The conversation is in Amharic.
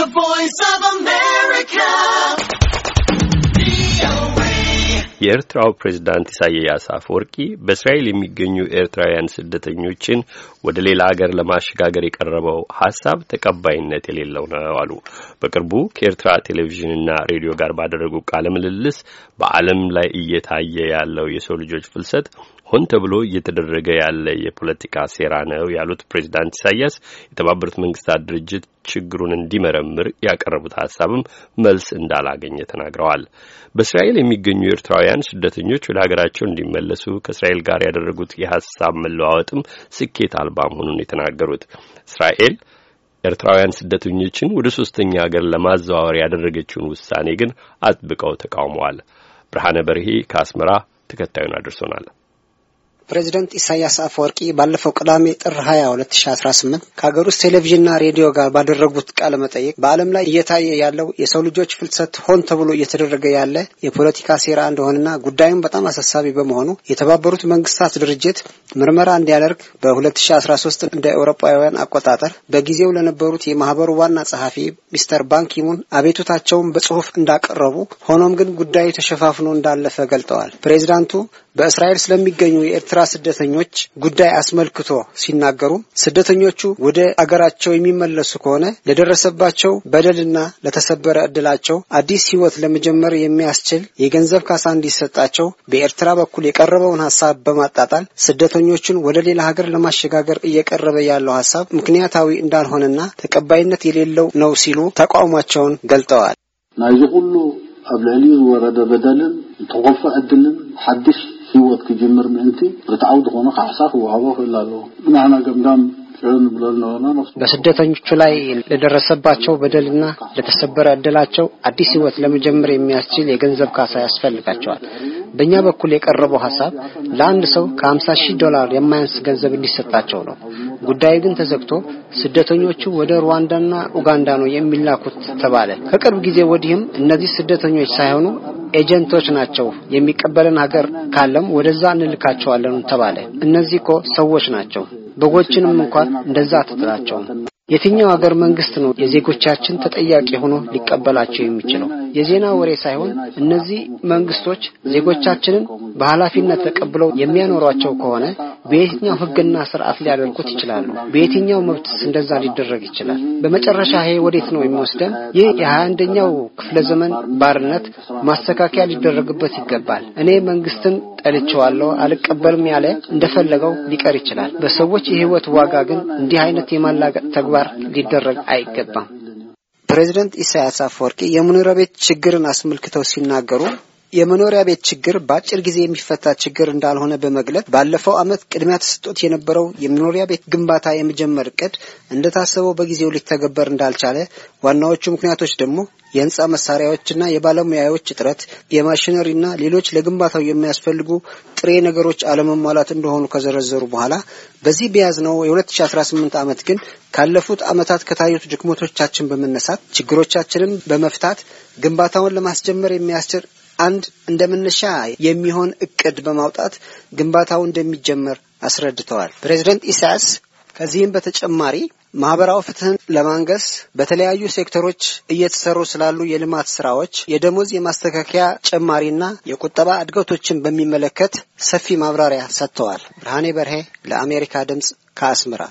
The Voice of man. የኤርትራው ፕሬዚዳንት ኢሳያስ አፈወርቂ በእስራኤል የሚገኙ ኤርትራውያን ስደተኞችን ወደ ሌላ አገር ለማሸጋገር የቀረበው ሀሳብ ተቀባይነት የሌለው ነው አሉ። በቅርቡ ከኤርትራ ቴሌቪዥንና ሬዲዮ ጋር ባደረጉ ቃለ ምልልስ በዓለም ላይ እየታየ ያለው የሰው ልጆች ፍልሰት ሆን ተብሎ እየተደረገ ያለ የፖለቲካ ሴራ ነው ያሉት ፕሬዚዳንት ኢሳያስ የተባበሩት መንግስታት ድርጅት ችግሩን እንዲመረምር ያቀረቡት ሀሳብም መልስ እንዳላገኘ ተናግረዋል። በእስራኤል የሚገኙ ኤርትራውያን ኢትዮጵያውያን ስደተኞች ወደ ሀገራቸው እንዲመለሱ ከእስራኤል ጋር ያደረጉት የሀሳብ መለዋወጥም ስኬት አልባ መሆኑን የተናገሩት እስራኤል ኤርትራውያን ስደተኞችን ወደ ሶስተኛ ሀገር ለማዘዋወር ያደረገችውን ውሳኔ ግን አጥብቀው ተቃውመዋል። ብርሃነ በርሄ ከአስመራ ተከታዩን አድርሶናል። ፕሬዚደንት ኢሳያስ አፈወርቂ ባለፈው ቅዳሜ ጥር 20 2018 ከሀገር ውስጥ ቴሌቪዥንና ሬዲዮ ጋር ባደረጉት ቃለ መጠይቅ በዓለም ላይ እየታየ ያለው የሰው ልጆች ፍልሰት ሆን ተብሎ እየተደረገ ያለ የፖለቲካ ሴራ እንደሆነና ጉዳዩም በጣም አሳሳቢ በመሆኑ የተባበሩት መንግስታት ድርጅት ምርመራ እንዲያደርግ በ2013 እንደ አውሮፓውያን አቆጣጠር በጊዜው ለነበሩት የማህበሩ ዋና ጸሐፊ ሚስተር ባንኪሙን አቤቱታቸውን በጽሁፍ እንዳቀረቡ ሆኖም ግን ጉዳዩ ተሸፋፍኖ እንዳለፈ ገልጠዋል። ፕሬዚዳንቱ በእስራኤል ስለሚገኙ የኤርትራ ስደተኞች ጉዳይ አስመልክቶ ሲናገሩ ስደተኞቹ ወደ አገራቸው የሚመለሱ ከሆነ ለደረሰባቸው በደልና ለተሰበረ እድላቸው አዲስ ህይወት ለመጀመር የሚያስችል የገንዘብ ካሳ እንዲሰጣቸው በኤርትራ በኩል የቀረበውን ሀሳብ በማጣጣል ስደተኞቹን ወደ ሌላ ሀገር ለማሸጋገር እየቀረበ ያለው ሀሳብ ምክንያታዊ እንዳልሆነና ተቀባይነት የሌለው ነው ሲሉ ተቃውሟቸውን ገልጠዋል ናይዚ ሁሉ ኣብ ልዕሊኡ ዝወረደ በደልን ተቆፋ ዕድልን ሓድሽ ህይወት ክጅምር ምእንቲ ርትዓው ዝኾነ ካሕሳ ክወሃቦ ክእል ኣለዎ ንሕና ገምዳም በስደተኞቹ ላይ ለደረሰባቸው በደልና ለተሰበረ ዕድላቸው አዲስ ህይወት ለመጀመር የሚያስችል የገንዘብ ካሳ ያስፈልጋቸዋል። በእኛ በኩል የቀረበው ሀሳብ ለአንድ ሰው ከ50 ሺህ ዶላር የማያንስ ገንዘብ እንዲሰጣቸው ነው። ጉዳዩ ግን ተዘግቶ ስደተኞቹ ወደ ሩዋንዳና ኡጋንዳ ነው የሚላኩት ተባለ። ከቅርብ ጊዜ ወዲህም እነዚህ ስደተኞች ሳይሆኑ ኤጀንቶች ናቸው። የሚቀበለን ሀገር ካለም ወደዛ እንልካቸዋለን ተባለ። እነዚህ እኮ ሰዎች ናቸው። በጎችንም እንኳን እንደዛ አትጥላቸውም። የትኛው ሀገር መንግስት ነው የዜጎቻችን ተጠያቂ ሆኖ ሊቀበላቸው የሚችለው? የዜና ወሬ ሳይሆን እነዚህ መንግስቶች ዜጎቻችንን በኃላፊነት ተቀብለው የሚያኖሯቸው ከሆነ በየትኛው ህግና ስርዓት ሊያደርጉት ይችላሉ? በየትኛው መብትስ እንደዛ ሊደረግ ይችላል? በመጨረሻ ይሄ ወዴት ነው የሚወስደን? ይህ የሀያ አንደኛው ክፍለ ዘመን ባርነት ማስተካከያ ሊደረግበት ይገባል። እኔ መንግስትን ጠልቸዋለሁ አልቀበልም ያለ እንደፈለገው ሊቀር ይችላል። በሰዎች የህይወት ዋጋ ግን እንዲህ አይነት የማላገጥ ተግባር ሊደረግ አይገባም። ፕሬዚደንት ኢሳያስ አፈወርቂ የሙኒራ ቤት ችግርን አስመልክተው ሲናገሩ የመኖሪያ ቤት ችግር በአጭር ጊዜ የሚፈታ ችግር እንዳልሆነ በመግለጽ ባለፈው ዓመት ቅድሚያ ተሰጥቶት የነበረው የመኖሪያ ቤት ግንባታ የመጀመር እቅድ እንደታሰበው በጊዜው ሊተገበር እንዳልቻለ፣ ዋናዎቹ ምክንያቶች ደግሞ የህንፃ መሳሪያዎችና የባለሙያዎች እጥረት፣ የማሽነሪና ሌሎች ለግንባታው የሚያስፈልጉ ጥሬ ነገሮች አለመሟላት እንደሆኑ ከዘረዘሩ በኋላ በዚህ ነው የ2018 ዓመት ግን ካለፉት ዓመታት ከታዩት ድክመቶቻችን በመነሳት ችግሮቻችንን በመፍታት ግንባታውን ለማስጀመር የሚያስችል አንድ መነሻ የሚሆን እቅድ በማውጣት ግንባታው እንደሚጀመር አስረድተዋል። ፕሬዚደንት ኢሳያስ ከዚህም በተጨማሪ ማህበራዊ ፍትህን ለማንገስ በተለያዩ ሴክተሮች እየተሰሩ ስላሉ የልማት ስራዎች፣ የደሞዝ የማስተካከያ ጭማሪና የቁጠባ እድገቶችን በሚመለከት ሰፊ ማብራሪያ ሰጥተዋል። ብርሃኔ በርሄ ለአሜሪካ ድምፅ ከአስመራ